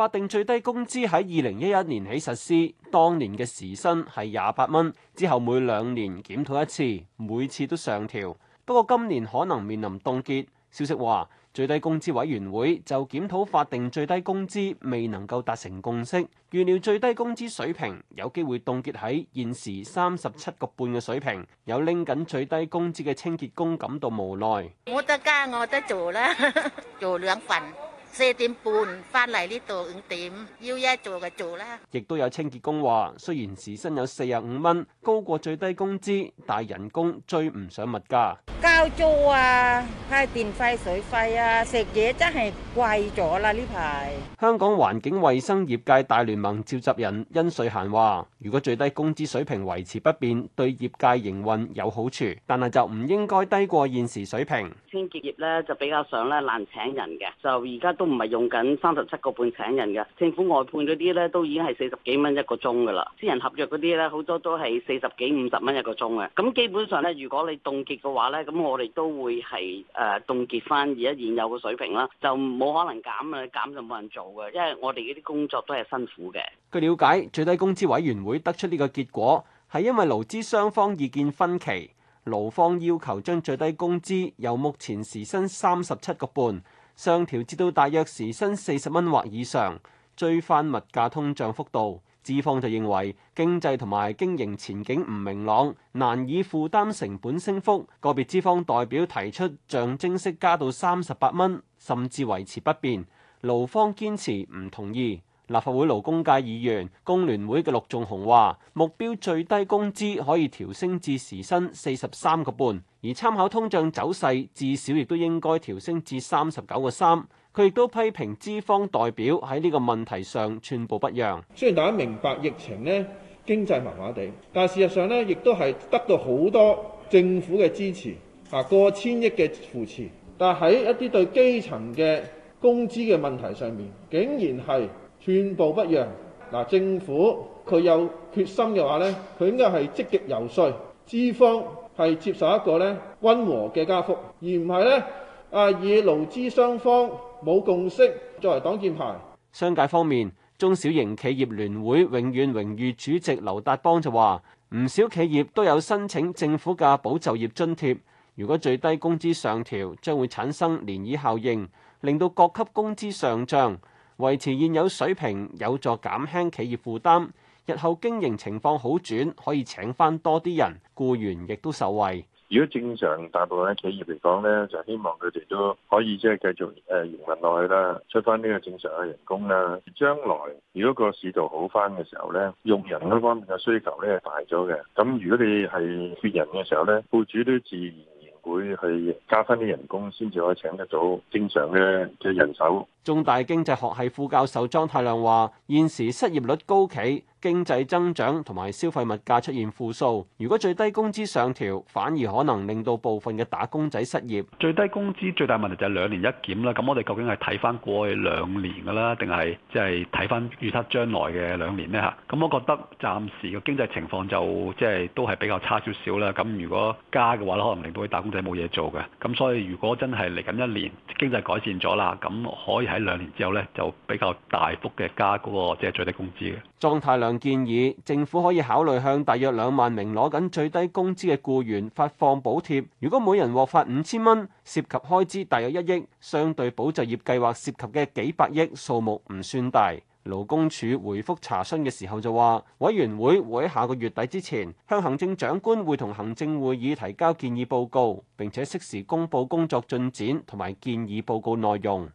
法定最低工資喺二零一一年起實施，當年嘅時薪係廿八蚊，之後每兩年檢討一次，每次都上調。不過今年可能面臨凍結。消息話，最低工資委員會就檢討法定最低工資未能夠達成共識，預料最低工資水平有機會凍結喺現時三十七個半嘅水平，有拎緊最低工資嘅清潔工感到無奈。我得加，我得做啦，做兩份。四點半翻嚟呢度五點，要一做嘅做啦。亦都有清潔工話，雖然時薪有四十五蚊，高過最低工資，但係人工追唔上物價。交租啊，睇下電費水費啊，食嘢真係貴咗啦呢排。香港環境衛生業界大聯盟召集人殷瑞嫻話，如果最低工資水平維持不變，對業界營運有好處，但係就唔應該低過現時水平。清潔業咧就比較上咧難請人嘅，就而家。都唔係用緊三十七個半請人嘅，政府外判嗰啲咧都已經係四十幾蚊一個鐘嘅啦，私人合約嗰啲咧好多都係四十幾五十蚊一個鐘嘅。咁基本上咧，如果你凍結嘅話咧，咁我哋都會係誒凍結翻而家現有嘅水平啦，就冇可能減啊，減就冇人做嘅，因為我哋嗰啲工作都係辛苦嘅。據了解，最低工資委員會得出呢個結果，係因為勞資雙方意見分歧，勞方要求將最低工資由目前時薪三十七個半，上調至到大約時薪四十蚊或以上，追翻物價通脹幅度。資方就認為經濟同埋經營前景唔明朗，難以負擔成本升幅。個別資方代表提出象徵式加到三十八蚊，甚至維持不變。勞方堅持唔同意。立法會勞工界議員工聯會嘅陸頌雄話：目標最低工資可以調升至時薪四十三個半，而參考通脹走勢，至少亦都應該調升至三十九個三。佢亦都批評資方代表喺呢個問題上寸步不讓。雖然大家明白疫情呢，經濟麻麻地，但事實上呢，亦都係得到好多政府嘅支持啊，過千億嘅扶持。但喺一啲對基層嘅工資嘅問題上面，竟然係～寸步不讓，嗱，政府佢有決心嘅話咧，佢應該係積極游說資方係接受一個咧溫和嘅加幅，而唔係咧啊以勞資雙方冇共識作為擋箭牌。商界方面，中小型企業聯會永遠榮譽主席劉達邦就話：唔少企業都有申請政府嘅保就業津貼。如果最低工資上調，將會產生漣漪效應，令到各級工資上漲。維持現有水平有助減輕企業負擔，日後經營情況好轉，可以請翻多啲人，僱員亦都受惠。如果正常，大部分企業嚟講咧，就希望佢哋都可以即係繼續誒營運落去啦，出翻呢個正常嘅人工啦。將來如果個市道好翻嘅時候咧，用人嗰方面嘅需求咧係大咗嘅。咁如果你係缺人嘅時候咧，僱主都自然，會去加翻啲人工，先至可以請得到正常嘅嘅人手。重大經濟學系副教授莊太亮話，現時失業率高企，經濟增長同埋消費物價出現負數，如果最低工資上調，反而可能令到部分嘅打工仔失業。最低工資最大問題就係兩年一檢啦，咁我哋究竟係睇返過去兩年㗎啦，定係即係睇返預測將來嘅兩年呢？嚇，咁我覺得暫時嘅經濟情況就即係、就是、都係比較差少少啦。咁如果加嘅話，可能令到啲打工仔冇嘢做嘅。咁所以如果真係嚟緊一年經濟改善咗啦，咁可以喺兩年之後呢，就比較大幅嘅加嗰、那個即係、就是、最低工資嘅狀態兩。建議政府可以考慮向大約兩萬名攞緊最低工資嘅僱員發放補貼，如果每人獲發五千蚊，涉及開支大約一億，相對保就業計劃涉及嘅幾百億數目唔算大。勞工處回覆查詢嘅時候就話，委員會會喺下個月底之前向行政長官會同行政會議提交建議報告，並且適時公布工作進展同埋建議報告內容。